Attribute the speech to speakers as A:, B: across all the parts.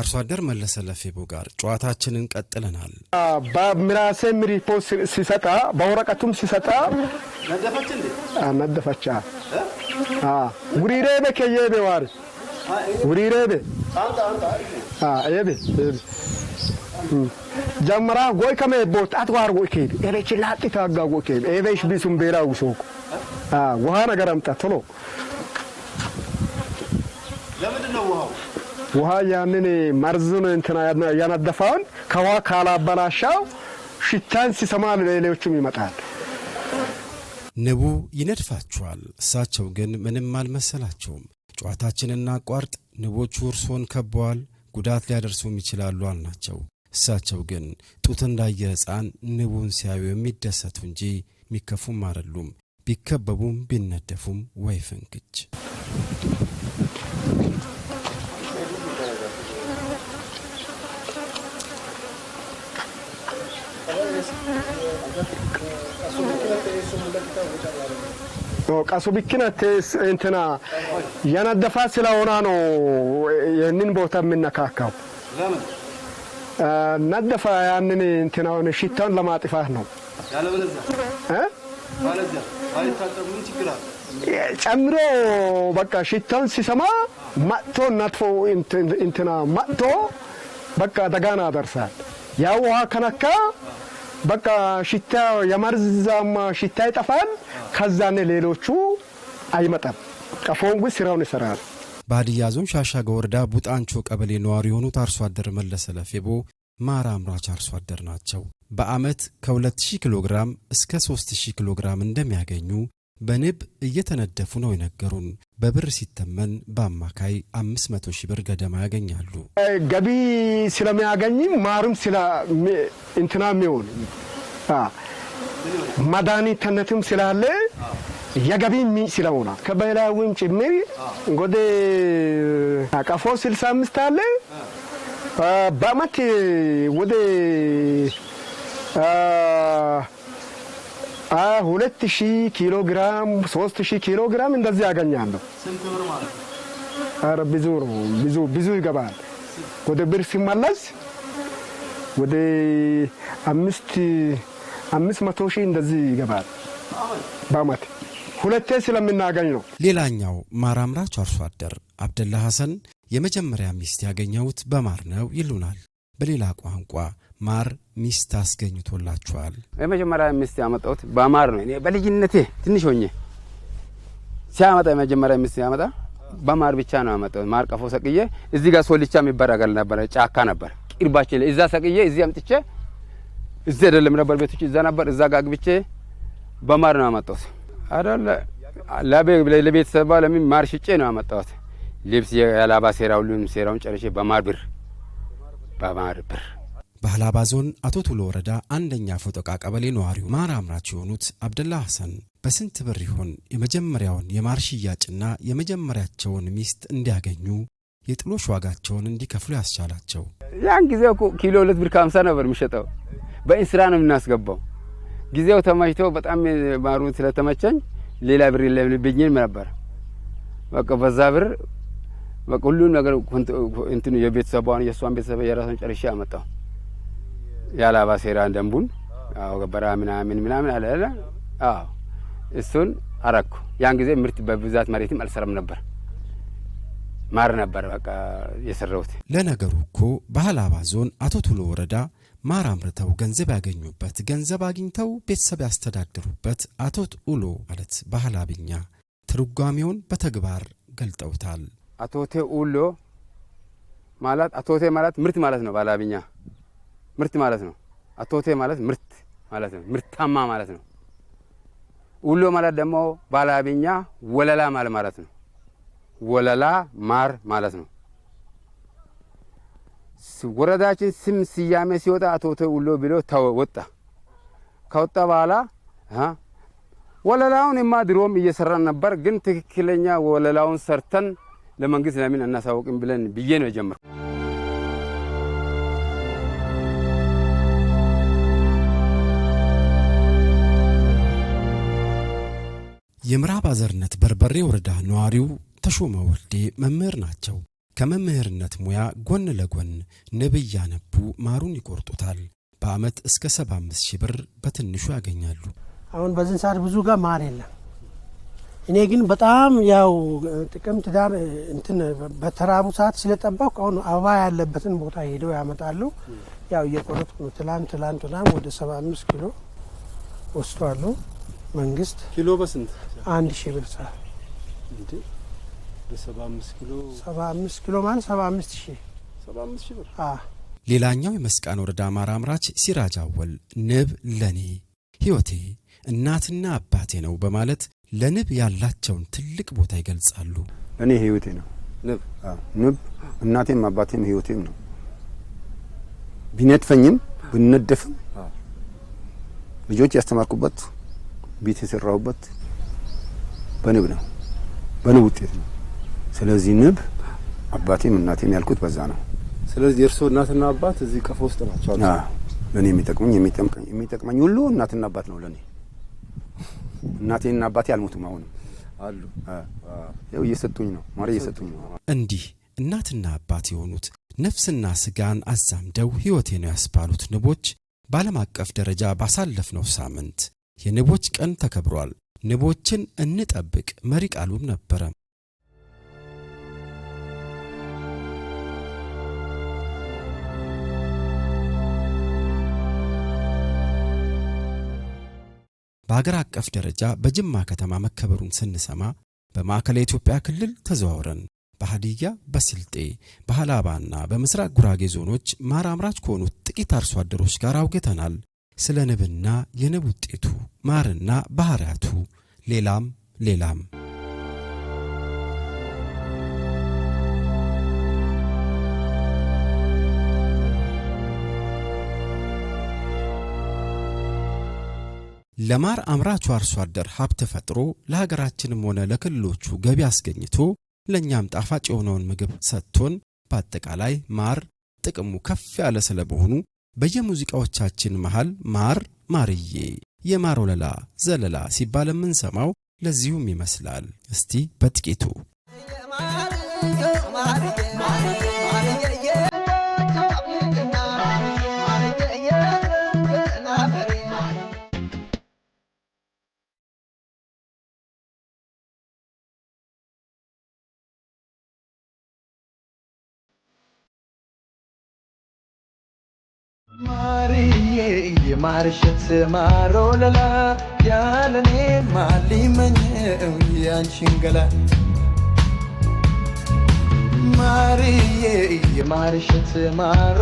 A: ከአርሶ አደር መለሰ ለፌቦ ጋር ጨዋታችንን ቀጥለናል።
B: በምራሴም ምሪፖ ሲሰጣ በወረቀቱም ሲሰጣ መደፈቻ ጉሪሬቤ ከየቤ ዋር ጉሪሬቤ ጀመራ ጎይ ከመ ቦት አትዋር ጎይ ከሄድ ኤቤች ላጢ ታጋ ጎይ ከሄድ ኤቤሽ ቢሱም ቤራ ውሶኩ ውሃ ነገር አምጣ ቶሎ
C: ለምንድን ነው ውሃው
B: ውሃ ያንን መርዝን እንትና ያነደፈውን ከውሃ ካላበላሻው ሽታን ሲሰማ ሌሎችም ይመጣል።
A: ንቡ ይነድፋችኋል፣ እሳቸው ግን ምንም አልመሰላቸውም። ጨዋታችንን እናቋርጥ፣ ንቦቹ እርሶን ከበዋል፣ ጉዳት ሊያደርሱም ይችላሉ አልናቸው። እሳቸው ግን ጡት እንዳየ ሕፃን ንቡን ሲያዩ የሚደሰቱ እንጂ የሚከፉም አይደሉም። ቢከበቡም ቢነደፉም ወይ ፍንክች
B: ቀሱ ብክና ቴስ እንትና የነደፋ ስለሆነ ነው ይህንን ቦታ የምነካካው። ነደፋ ያንን እንትናውን ሽታውን ለማጥፋት ነው። ጨምሮ በቃ ሽታውን ሲሰማ መጥቶ ነጥፎ እንትና መጥቶ በቃ ደጋና ያደርሳል። ያው ውሃ ከነካ በቃ ሽታ የመርዛማ ሽታ ይጠፋል። ከዛኔ ሌሎቹ አይመጣም። ቀፎን ግን ስራውን ይሰራል።
A: በሀዲያ ዞን ሻሻ ወረዳ ቡጣንቾ ቀበሌ ነዋሪ የሆኑት አርሶ አደር መለሰ ለፌቦ ማር አምራች አርሶ አደር ናቸው። በዓመት ከ2000 ኪሎ ግራም እስከ 3000 ኪሎ ግራም እንደሚያገኙ በንብ እየተነደፉ ነው የነገሩን። በብር ሲተመን በአማካይ አምስት መቶ ሺህ ብር ገደማ ያገኛሉ።
B: ገቢ ስለሚያገኝም ማርም እንትና የሚሆን መድኃኒትነትም ስላለ የገቢ ምንጭ ስለሆነ ከባህላዊም ጭምር እንግዲህ አቀፎ ስልሳ አምስት አለ በአመት ወደ ሁለት ሺህ ኪሎ ግራም ሶስት ሺህ ኪሎ ግራም እንደዚህ ያገኛሉ። ኧረ ብዙ ነው፣ ብዙ ብዙ ይገባል። ወደ ብር ሲመለስ ወደ አምስት አምስት መቶ ሺህ እንደዚህ ይገባል በአመት ሁለቴ ስለምናገኝ ነው።
A: ሌላኛው ማር አምራች አርሶ አደር አብደላ ሐሰን የመጀመሪያ ሚስት ያገኘሁት በማር ነው ይሉናል። በሌላ ቋንቋ ማር ሚስት አስገኝቶላችኋል።
D: የመጀመሪያ ሚስት ያመጣሁት በማር ነው። በልጅነቴ ትንሽ ሆኜ ሲያመጣ የመጀመሪያ ሚስት ያመጣ በማር ብቻ ነው ያመጣሁት። ማር ቀፎ ሰቅዬ እዚህ ጋር ሶልቻ የሚበረገል ነበረ፣ ጫካ ነበር ቅርባችን። እዛ ሰቅዬ እዚህ አምጥቼ እዚህ አይደለም ነበር ቤቶች፣ እዛ ነበር። እዛ ጋር አግብቼ በማር ነው ያመጣሁት አይደለ ለቤተሰባ ለምን ማር ሽጬ ነው ያመጣሁት። ልብስ የላባ ሴራ ሁሉም ሴራውን ጨርሼ በማር ብር በማር ብር
A: በሀላባ ዞን አቶ ቱሎ ወረዳ አንደኛ ፎጠቃ ቀበሌ ነዋሪው ማር አምራች የሆኑት አብደላ ሐሰን በስንት ብር ይሆን የመጀመሪያውን የማር ሽያጭና የመጀመሪያቸውን ሚስት እንዲያገኙ የጥሎሽ ዋጋቸውን እንዲከፍሉ ያስቻላቸው?
D: ያን ጊዜው ኪሎ ሁለት ብር ከሀምሳ ነበር የሚሸጠው። በእንስራ ነው የምናስገባው። ጊዜው ተመችቶ በጣም ማሩን ስለተመቸኝ ሌላ ብር የለብኝም ነበር። በቃ በዛ ብር ሁሉን ነገር እንትኑ የቤተሰቧን የእሷን ቤተሰብ የራሷን ጨርሻ አመጣው። የአላባ ሴራን ደንቡን አዎ ገበራ ምናምን ምናምን አለ አለ አዎ እሱን አረኩ። ያን ጊዜ ምርት በብዛት መሬትም አልሰራም ነበር ማር ነበር በቃ የሰራሁት።
A: ለነገሩ እኮ በሀላባ ዞን አቶ ቱሎ ወረዳ ማር አምርተው ገንዘብ ያገኙበት ገንዘብ አግኝተው ቤተሰብ ያስተዳድሩበት አቶ ቱሎ ማለት በሀላብኛ ትርጓሜውን በተግባር ገልጠውታል።
D: አቶቴ ኡሎ ማለት አቶቴ ማለት ምርት ማለት ነው በሀላብኛ ምርት ማለት ነው። አቶቴ ማለት ምርት ማለት ነው። ምርታማ ማለት ነው። ውሎ ማለት ደግሞ ባላቢኛ ወለላ ማለት ነው። ወለላ ማር ማለት ነው። ወረዳችን ስም ስያሜ ሲወጣ አቶቴ ውሎ ብሎ ወጣ። ከወጣ በኋላ ወለላውን ማ ድሮም እየሰራን ነበር፣ ግን ትክክለኛ ወለላውን ሰርተን ለመንግስት ለምን እናሳውቅም ብለን ብዬ ነው የጀመርኩ።
A: የምዕራብ አዘርነት በርበሬ ወረዳ ነዋሪው ተሾመ ወልዴ መምህር ናቸው። ከመምህርነት ሙያ ጎን ለጎን ንብ እያነቡ ማሩን ይቆርጡታል። በዓመት እስከ 75 ሺህ ብር በትንሹ ያገኛሉ።
E: አሁን በዚህ ሰዓት ብዙ ጋር ማር የለም። እኔ ግን በጣም ያው ጥቅምት ዳር እንትን በተራቡ ሰዓት ስለጠባሁ አሁን አበባ ያለበትን ቦታ ሄደው ያመጣሉ። ያው እየቆረጥኩ ነው። ትላንት ትላንት ወደ 75 ኪሎ ወስቷሉ። መንግስት ኪሎ በስንት አንድ ሺህ ብር እንዴ?
C: በሰባ አምስት ኪሎ
E: ሰባ አምስት ኪሎ ማለት ሰባ አምስት ሺህ
C: ሰባ አምስት ሺህ ብር።
A: ሌላኛው የመስቃን ወረዳ ማር አምራች ሲራጅ አወል ንብ ለኔ ህይወቴ እናትና አባቴ ነው በማለት ለንብ ያላቸውን ትልቅ ቦታ ይገልጻሉ።
D: ለእኔ ህይወቴ ነው ንብ። ንብ እናቴም አባቴም ህይወቴም ነው። ቢነድፈኝም ብነደፍም ልጆች ያስተማርኩበት ቤት የሰራሁበት በንብ ነው፣ በንብ ውጤት ነው። ስለዚህ ንብ አባቴም እናቴም ያልኩት በዛ ነው።
C: ስለዚህ የእርስዎ እናትና አባት እዚህ ቀፎ ውስጥ ናቸው።
D: ለእኔ የሚጠቅሙኝ የሚጠቅመኝ ሁሉ እናትና አባት ነው ለእኔ። እናቴና አባቴ አልሞቱም፣ አሁንም አሉ። ያው እየሰጡኝ ነው ማሪ እየሰጡኝ ነው።
A: እንዲህ እናትና አባት የሆኑት ነፍስና ስጋን አዛምደው ሕይወቴ ነው ያስባሉት ንቦች በዓለም አቀፍ ደረጃ ባሳለፍነው ሳምንት የንቦች ቀን ተከብሯል። ንቦችን እንጠብቅ መሪ ቃሉም ነበረ። በአገር አቀፍ ደረጃ በጅማ ከተማ መከበሩን ስንሰማ በማዕከላዊ ኢትዮጵያ ክልል ተዘዋውረን በሃዲያ፣ በስልጤ፣ በሀላባና በምስራቅ ጉራጌ ዞኖች ማር አምራች ከሆኑት ጥቂት አርሶ አደሮች ጋር አውግተናል። ስለ ንብና የንብ ውጤቱ ማርና ባህሪያቱ ሌላም ሌላም ለማር አምራቹ አርሶ አደር ሀብት ፈጥሮ ለሀገራችንም ሆነ ለክልሎቹ ገቢ አስገኝቶ ለእኛም ጣፋጭ የሆነውን ምግብ ሰጥቶን በአጠቃላይ ማር ጥቅሙ ከፍ ያለ ስለ ስለመሆኑ በየሙዚቃዎቻችን መሃል ማር ማርዬ፣ የማር ወለላ ዘለላ ሲባል የምንሰማው ለዚሁም ይመስላል። እስቲ በጥቂቱ ማርዬ የማርሸት ማሮ ለላ ያለኔ ማሊመኘው ያንቺን ገላ ማርዬ የማርሸት ማሮ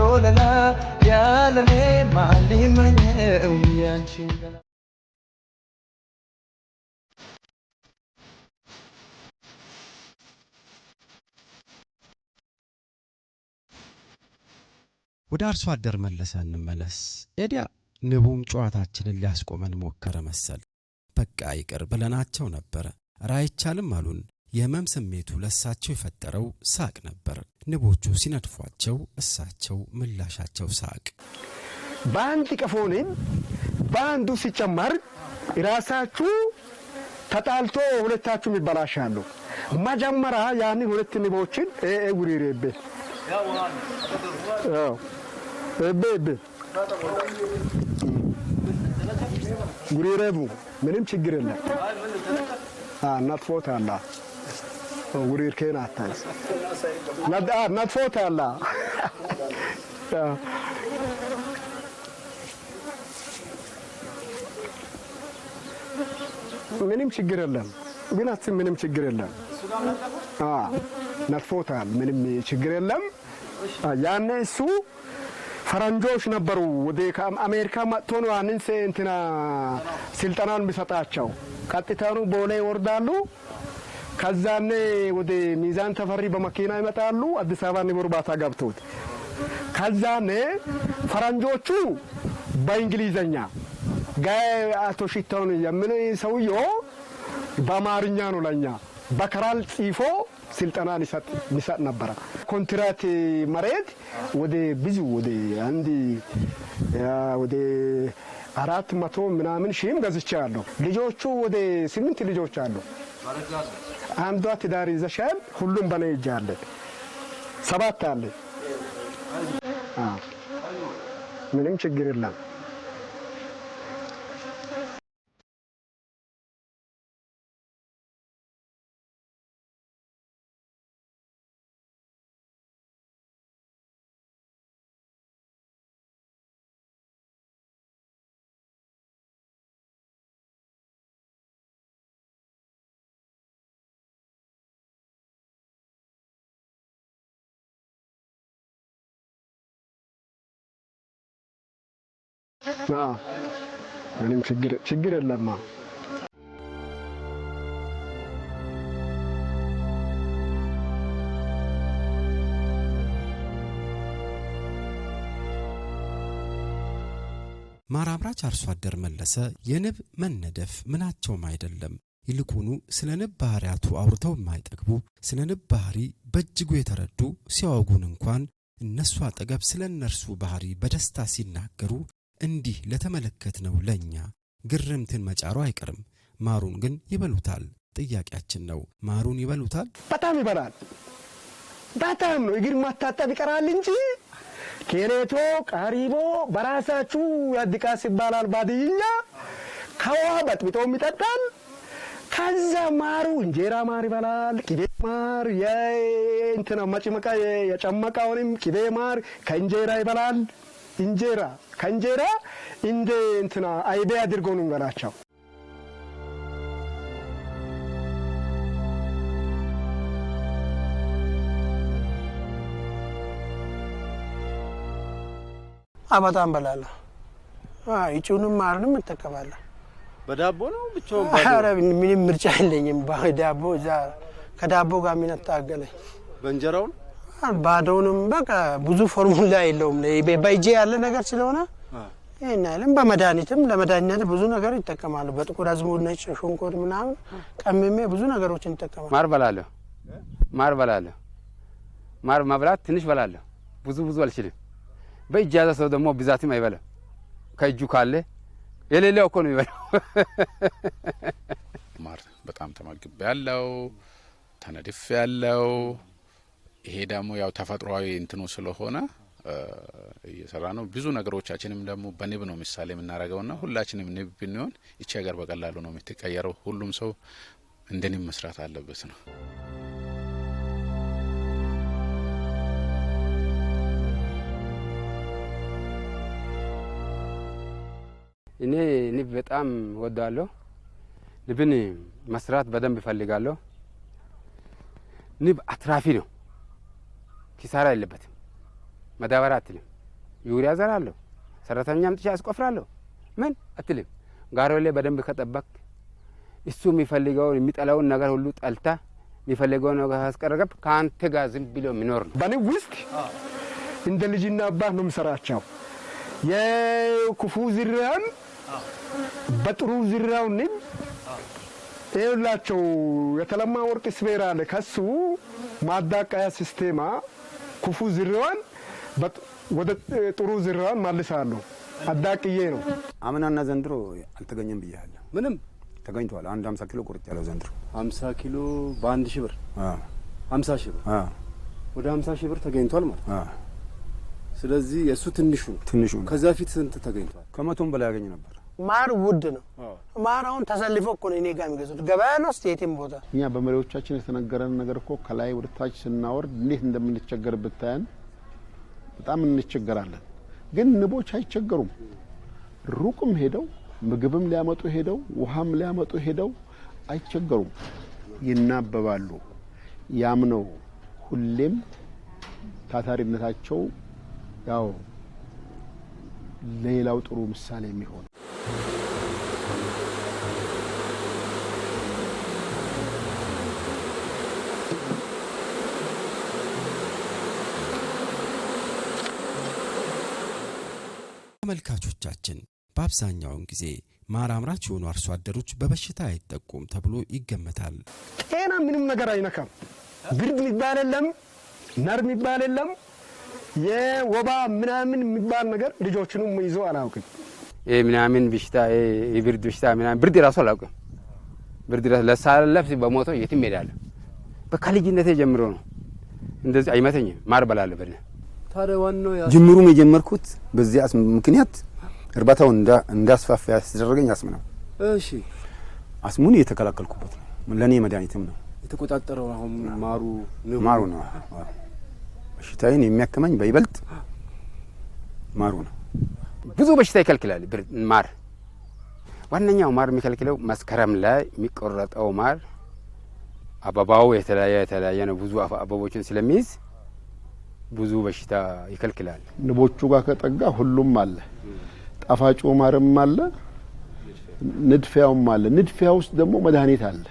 A: ያለኔ ማሊመኘው ያንቺን ገላ ወደ አርሶ አደር መለሰ እንመለስ። ኤዲያ ንቡም ጨዋታችንን ሊያስቆመን ሞከረ መሰል። በቃ ይቅር ብለናቸው ነበር፣ ራይቻልም አሉን። የህመም ስሜቱ ለእሳቸው የፈጠረው ሳቅ ነበር። ንቦቹ ሲነድፏቸው፣ እሳቸው ምላሻቸው ሳቅ።
B: በአንድ ቀፎንም በአንዱ ሲጨመር ራሳችሁ ተጣልቶ ሁለታችሁም ይበላሻሉ። መጀመሪያ ያንን ሁለት ንቦችን ውሪሬቤ ጉሪረቡ ምንም ችግር የለም። ነጥፎት አላ ጉሪር ነጥፎት አላ ምንም ችግር የለም። ምንም ችግር የለም። ነጥፎታል። ምንም ችግር የለም። ያኔ እሱ ፈረንጆች ነበሩ። ወደ አሜሪካ መጥቶ ነው ያንን እንትና ስልጠናን ቢሰጣቸው ቀጥታኑ ቦሌ ይወርዳሉ። ከዛኔ ወደ ሚዛን ተፈሪ በመኪና ይመጣሉ። አዲስ አበባ ንብ እርባታ ገብቶት ከዛኔ ፈረንጆቹ በእንግሊዘኛ ጋይ አቶ ሽታውን የምን ሰውዬው በአማርኛ ነው ለኛ በከራል ጽፎ ስልጠና ሊሰጥ ነበረ። ኮንትራት መሬት ወደ ብዙ ወደ አንድ ወደ አራት መቶ ምናምን ሺህም ገዝቻ አለሁ። ልጆቹ ወደ ስምንት ልጆች አሉ። አንዷ ትዳር ይዘሻል። ሁሉም በላይ እጅ አለ። ሰባት አለ። ምንም ችግር የለም። ምንም ችግር የለም።
A: ማር አምራች አርሶ አደር መለሰ የንብ መነደፍ ምናቸውም አይደለም። ይልቁኑ ስለ ንብ ባህሪያቱ አውርተው የማይጠግቡ ስለ ንብ ባህሪ በእጅጉ የተረዱ ሲያወጉን እንኳን እነሱ አጠገብ ስለ እነርሱ ባህሪ በደስታ ሲናገሩ እንዲህ ለተመለከትነው ለእኛ ግርምትን መጫሩ አይቀርም። ማሩን ግን ይበሉታል። ጥያቄያችን ነው፣ ማሩን ይበሉታል?
B: በጣም ይበላል። በጣም ነው። እግር ማታጠብ ይቀራል እንጂ ኬሬቶ ቃሪቦ በራሳችሁ ያድቃስ ይባላል ባድይኛ ከውሃ በጥብጦም ይጠጣል። ከዛ ማሩ እንጀራ ማር ይበላል። ቅቤ ማር የእንትና መጭመቃ የጨመቃውንም ቅቤ ማር ከእንጀራ ይበላል። እንጀራ ከእንጀራ እንደ እንትና አይቤ አድርጎ ነው እንበላቸው።
E: አበጣም እንበላለን። ይጩንም ማርንም እንጠቀማለን።
C: በዳቦ ነው ብቻ
E: ምንም ምርጫ የለኝም። ዳቦ እዛ ከዳቦ ጋር ምን አታገለኝ። በእንጀራው ነው ባዶውንም በቃ ብዙ ፎርሙላ የለውም። በእጄ ያለ ነገር ስለሆነ ይህን አይልም። በመድኃኒትም ለመድኃኒትነት ብዙ ነገር ይጠቀማሉ። በጥቁር አዝሙድ፣ ነጭ ሽንኩርት ምናምን ቀምሜ ብዙ ነገሮችን ይጠቀማሉ።
D: ማር በላለሁ፣ ማር በላለሁ፣ ማር መብላት ትንሽ በላለሁ። ብዙ ብዙ አልችልም። በእጅ ያዘ ሰው ደግሞ ብዛትም አይበላም። ከእጁ ካለ የሌለው እኮ ነው የሚበላው።
F: ማር በጣም ተመግቤ ያለው ተነድፍ ያለው ይሄ ደግሞ ያው ተፈጥሯዊ እንትኑ ስለሆነ እየሰራ ነው። ብዙ ነገሮቻችንም ደግሞ በንብ ነው ምሳሌ የምናደርገው ና ሁላችንም ንብ ብንሆን ይቺ ሀገር በቀላሉ ነው የምትቀየረው። ሁሉም ሰው እንደ ንብ መስራት አለበት ነው።
D: እኔ ንብ በጣም ወዳለሁ። ንብን መስራት በደንብ እፈልጋለሁ። ንብ አትራፊ ነው። ኪሳራ የለበትም። መዳበሪያ አትልም፣ ዩሪያ ዘራለሁ፣ ሰራተኛ አምጥቼ አስቆፍራለሁ። ምን አትልም። ጋሮ ላይ በደንብ ከጠበቅ እሱ የሚፈልገው የሚጠላውን ነገር ሁሉ ጠልታ የሚፈልገውን ነገር አስቀረገብ ከአንተ ጋር ዝም ብሎ የሚኖር
B: ነው። በኔ ውስጥ እንደ ልጅና አባት ነው የምሰራቸው። የክፉ ዝራም በጥሩ ዝራውንም ይኸውላቸው የተለማ ወርቅ ስፌራ አለ ከሱ ማዳቀያ ሲስቴማ ክፉ ዝርያዋን ወደ ጥሩ ዝርያዋን መልሳለሁ። አዳቅዬ ነው።
D: አምናና ዘንድሮ አልተገኘም ብያለሁ። ምንም ተገኝቷል። አንድ አምሳ ኪሎ ቁርጥ ያለው ዘንድሮ
B: አምሳ ኪሎ በአንድ ሺህ ብር 50 ሺህ ብር ወደ አምሳ ሺህ ብር ተገኝቷል ማለት ስለዚህ የእሱ ትንሹ ትንሹ ከዚያ ፊት ስንት ተገኝቷል?
D: ከመቶም በላይ ያገኝ ነበር
E: ማር ውድ ነው። ማር አሁን ተሰልፎ እኮ ነው እኔ ጋር የሚገዙት ገበያ ነው ውስጥ የትም ቦታ።
B: እኛ በመሪዎቻችን የተነገረን ነገር እኮ ከላይ ወደ ታች ስናወርድ እንዴት እንደምንቸገር ብታያን፣ በጣም እንቸገራለን። ግን ንቦች አይቸገሩም። ሩቅም ሄደው ምግብም ሊያመጡ ሄደው ውሃም ሊያመጡ ሄደው አይቸገሩም። ይናበባሉ። ያም ነው ሁሌም ታታሪነታቸው ያው ለሌላው ጥሩ ምሳሌ የሚሆነው።
A: ተመልካቾቻችን በአብዛኛውን ጊዜ ማር አምራች የሆኑ አርሶ አደሮች በበሽታ አይጠቁም ተብሎ ይገመታል።
B: ጤና ምንም ነገር አይነካም። ግርድ የሚባል የለም፣ ነር የሚባል የለም፣ የወባ ምናምን የሚባል ነገር ልጆችንም ይዞ አላውቅም።
D: ምናምን ብሽታ የብርድ ብሽታ ምናምን ብርድ ራሱ አላውቅም። ብርድ ራሱ ለሳለፍ በሞቶ የትም ሄዳለሁ። በቃ ልጅነቴ ጀምሮ ነው እንደዚህ አይመተኝም። ማር በላለ በለ ጅምሩም የጀመርኩት በዚህ አስም ምክንያት እርባታውን እንዳስፋፋ ያስደረገኝ አስም ነው። እሺ አስሙን እየተከላከልኩበት ነው። ለእኔ መድኃኒትም ነው
C: የተቆጣጠረው። አሁን ማሩ
D: ማሩ ነው በሽታዬን የሚያከማኝ በይበልጥ ማሩ ነው። ብዙ በሽታ ይከልክላል ማር። ዋነኛው ማር የሚከልክለው መስከረም ላይ የሚቆረጠው ማር አበባው የተለያየ የተለያየ ነው። ብዙ አበቦችን ስለሚይዝ ብዙ በሽታ ይከልክላል።
B: ንቦቹ ጋር ከጠጋ ሁሉም አለ፣ ጣፋጩ ማርም አለ፣ ንድፊያውም አለ። ንድፊያ ውስጥ ደግሞ መድኃኒት አለ።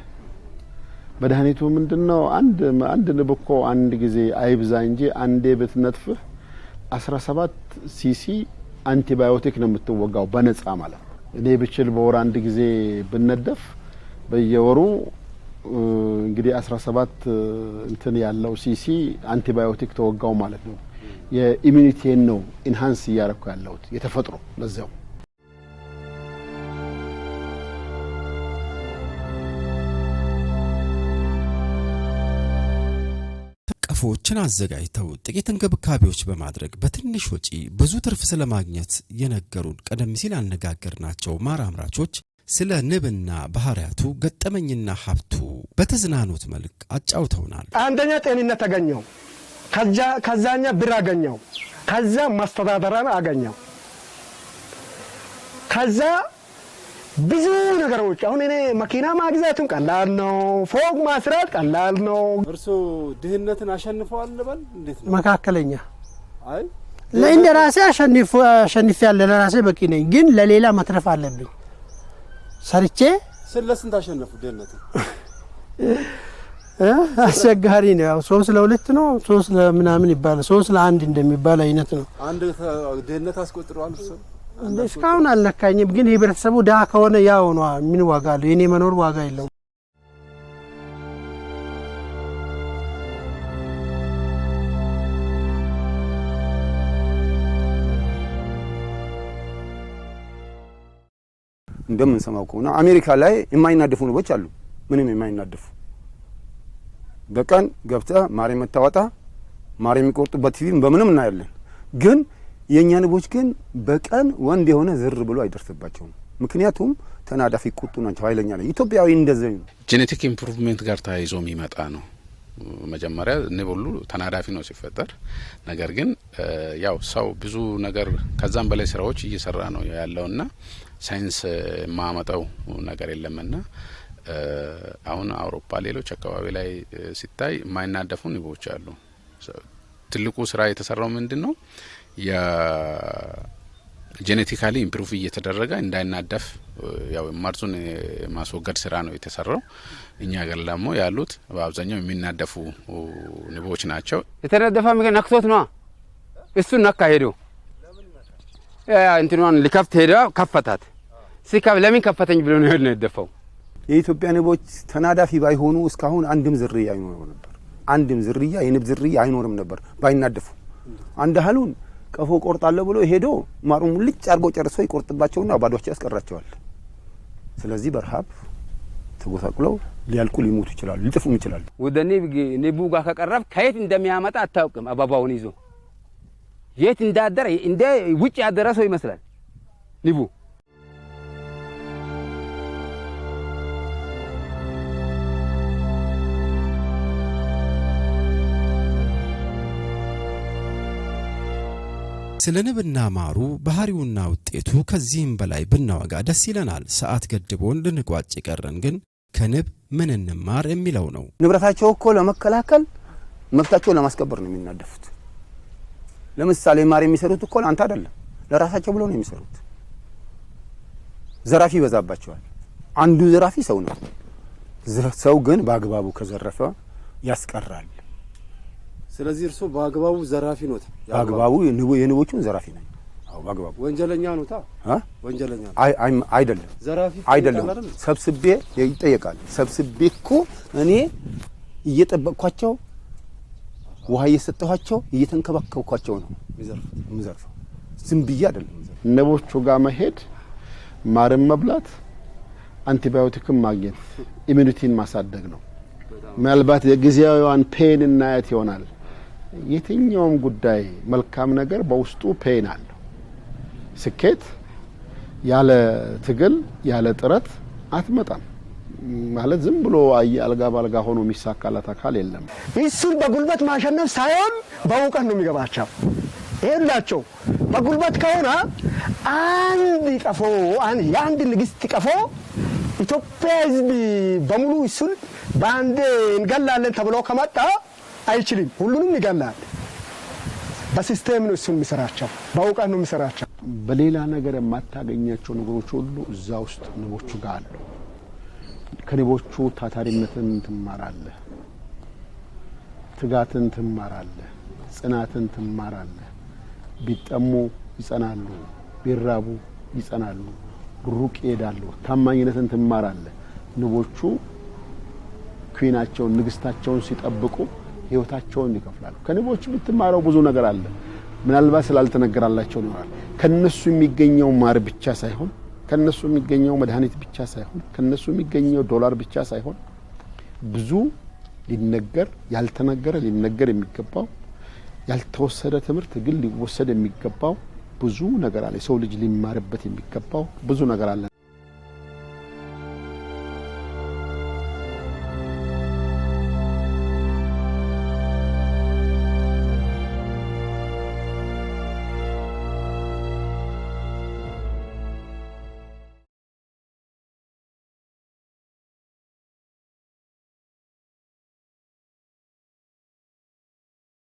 B: መድኃኒቱ ምንድን ነው? አንድ አንድ ንብ እኮ አንድ ጊዜ አይብዛ እንጂ አንዴ ብትነጥፍህ አስራ ሰባት ሲሲ አንቲባዮቲክ ነው የምትወጋው በነጻ ማለት ነው። እኔ ብችል በወር አንድ ጊዜ ብነደፍ በየወሩ እንግዲህ አስራ ሰባት እንትን ያለው ሲሲ አንቲባዮቲክ ተወጋው ማለት ነው። የኢሚኒቴን ነው ኢንሃንስ እያረኩ ያለሁት የተፈጥሮ ለዚያው
A: ቀፎዎችን አዘጋጅተው ጥቂት እንክብካቤዎች በማድረግ በትንሽ ወጪ ብዙ ትርፍ ስለማግኘት የነገሩን ቀደም ሲል ያነጋገርናቸው ማር አምራቾች ስለ ንብና ባህሪያቱ ገጠመኝና ሀብቱ በተዝናኖት መልክ አጫውተውናል።
B: አንደኛ ጤንነት አገኘው፣ ከዛኛ ብር አገኘው፣ ከዛ ማስተዳደራን አገኘው፣ ከዛ ብዙ ነገሮች አሁን እኔ መኪና ማግዛትም ቀላል ነው፣ ፎቅ ማስራት ቀላል ነው።
C: እርሶ ድህነትን አሸንፈዋል ልበል?
E: እንዴት ነው? መካከለኛ። አይ ለእንደ ራሴ አሸንፍ አሸንፍ ያለ ለራሴ በቂ ነኝ፣ ግን ለሌላ መትረፍ አለብኝ ሰርቼ።
C: ስለስንት አሸነፉ ድህነትን?
E: አስቸጋሪ ነው። ያው ሶስት ለሁለት ነው ሶስት ለምናምን ይባላል ሶስት ለአንድ እንደሚባል አይነት ነው።
C: አንድ ድህነት አስቆጥረዋል እርሶ?
E: እስካሁን አልነካኝም። ግን የህብረተሰቡ ድሀ ከሆነ ያው ነ ምን ዋጋ አለው? የኔ መኖር ዋጋ የለውም።
D: እንደምንሰማው ከሆነ አሜሪካ ላይ የማይናደፉ ንቦች አሉ። ምንም የማይናደፉ በቀን ገብተህ ማር የምታወጣ ማር የሚቆርጡበት ቲቪ በምንም እናያለን ግን የእኛ ንቦች ግን በቀን ወንድ የሆነ ዝር ብሎ አይደርስባቸውም። ምክንያቱም ተናዳፊ፣ ቁጡ ናቸው፣ ኃይለኛ ነው። ኢትዮጵያዊ እንደዚህ ነው።
G: ጄኔቲክ ኢምፕሩቭመንት ጋር ተያይዞ የሚመጣ ነው። መጀመሪያ ንብ ሁሉ ተናዳፊ ነው ሲፈጠር። ነገር ግን ያው ሰው ብዙ ነገር ከዛም በላይ ስራዎች እየሰራ ነው ያለውና ሳይንስ የማመጠው ነገር የለምና አሁን አውሮፓ፣ ሌሎች አካባቢ ላይ ሲታይ የማይናደፉ ንቦች አሉ። ትልቁ ስራ የተሰራው ምንድን ነው? የጄኔቲካሊ ኢምፕሩቭ እየተደረገ እንዳይናደፍ ያው መርዙን ማስወገድ ስራ ነው የተሰራው። እኛ ገር ደግሞ ያሉት በአብዛኛው የሚናደፉ ንቦች ናቸው።
D: የተነደፈ ምግ ነክቶት ነ እሱን ነካ ሄዶ እንትኗን ሊከፍት ሄዳ ከፈታት። ሲከፍ ለምን ከፈተኝ ብሎ ነው የደፋው።
B: የኢትዮጵያ ንቦች ተናዳፊ ባይሆኑ እስካሁን አንድም ዝርያ አይኖርም ነበር። አንድም ዝርያ የንብ ዝርያ አይኖርም ነበር ባይናደፉ አንድ ህሉን ቀፎ ቆርጣለሁ ብሎ ሄዶ ማሩ ሙልጭ አድርጎ ጨርሶ ይቆርጥባቸውና ባዷቸው ያስቀራቸዋል። ስለዚህ በረሃብ ተጎሳቅለው ሊያልቁ ሊሞቱ ይችላሉ፣ ሊጥፉም ይችላሉ።
D: ወደ ኔቡ ጋር ከቀረብ ከየት እንደሚያመጣ አታውቅም። አበባውን ይዞ የት እንዳደረ እንደ ውጭ ያደረ ሰው ይመስላል ኒቡ
A: ስለ ንብና ማሩ ባህሪውና ውጤቱ ከዚህም በላይ ብናወጋ ደስ ይለናል። ሰዓት ገድቦን ልንቋጭ ቀረን ግን ከንብ ምን እንማር የሚለው ነው።
D: ንብረታቸው እኮ ለመከላከል መብታቸውን ለማስከበር ነው የሚናደፉት። ለምሳሌ ማር የሚሰሩት እኮ አንተ አይደለም ለራሳቸው ብለው ነው የሚሰሩት። ዘራፊ ይበዛባቸዋል። አንዱ ዘራፊ ሰው ነው። ሰው ግን በአግባቡ ከዘረፈ ያስቀራል።
C: ስለዚህ እርሶ በአግባቡ ዘራፊ ኖት።
D: በአግባቡ የንቦቹን ዘራፊ ነው። አዎ በአግባቡ
C: ወንጀለኛ ኖታ። ወንጀለኛ
D: አይደለም፣ ዘራፊ አይደለም። ሰብስቤ ይጠየቃል። ሰብስቤ እኮ እኔ እየጠበቅኳቸው ውሃ እየሰጠኋቸው እየተንከባከብኳቸው ነው ምዘርፈው። ዝም ብዬ አይደለም።
B: ንቦቹ ጋር መሄድ፣ ማርም መብላት፣ አንቲባዮቲክም ማግኘት ኢሚኒቲን ማሳደግ ነው። ምናልባት የጊዜያዊዋን ፔን እናያት ይሆናል። የትኛውም ጉዳይ መልካም ነገር በውስጡ ፔን አለው። ስኬት ያለ ትግል ያለ ጥረት አትመጣም። ማለት ዝም ብሎ አየ አልጋ ባልጋ ሆኖ የሚሳካላት አካል የለም።
D: እሱን በጉልበት ማሸነፍ ሳይሆን በእውቀት ነው የሚገባቸው ይሄላቸው በጉልበት ከሆነ አንድ ቀፎ የአንድ ንግስት ቀፎ ኢትዮጵያ ሕዝብ በሙሉ እሱን በአንድ እንገላለን ተብሎ ከመጣ አይችልም። ሁሉንም ይገላል። በሲስቴም ነው እሱ የሚሰራቸው፣ በእውቀት ነው የሚሰራቸው።
B: በሌላ ነገር የማታገኛቸው ነገሮች ሁሉ እዛ ውስጥ ንቦቹ ጋር አሉ። ከንቦቹ ታታሪነትን ትማራለህ፣ ትጋትን ትማራለህ፣ ጽናትን ትማራለህ። ቢጠሙ ይጸናሉ፣ ቢራቡ ይጸናሉ፣ ሩቅ ይሄዳሉ። ታማኝነትን ትማራለህ። ንቦቹ ኩናቸውን ንግስታቸውን ሲጠብቁ ህይወታቸውን ይከፍላሉ። ከንቦች የምትማረው ብዙ ነገር አለ። ምናልባት ስላልተነገራላቸው ይኖራል። ከነሱ የሚገኘው ማር ብቻ ሳይሆን ከነሱ የሚገኘው መድኃኒት ብቻ ሳይሆን ከነሱ የሚገኘው ዶላር ብቻ ሳይሆን ብዙ ሊነገር ያልተነገረ ሊነገር የሚገባው ያልተወሰደ ትምህርት ግን ሊወሰድ የሚገባው ብዙ ነገር አለ። የሰው ልጅ ሊማርበት የሚገባው ብዙ ነገር አለ።